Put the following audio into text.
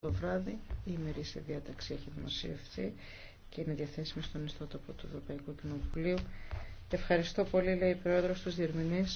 Το βράδυ η ημερήσια διάταξη έχει δημοσιευθεί και είναι διαθέσιμη στον ιστότοπο του Ευρωπαϊκού Κοινοβουλίου. Ευχαριστώ πολύ, λέει η πρόεδρο στους διερμηνείς.